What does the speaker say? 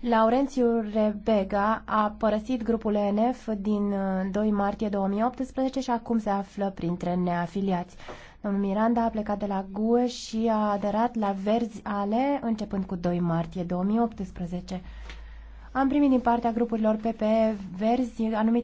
Laurențiu Rebega a părăsit grupul ENF din 2 uh, martie 2018 și acum se află printre neafiliați. Domnul Miranda a plecat de la GUE și a aderat la Verzi Ale începând cu 2 martie 2018. Am primit din partea grupurilor PPE Verzi anumite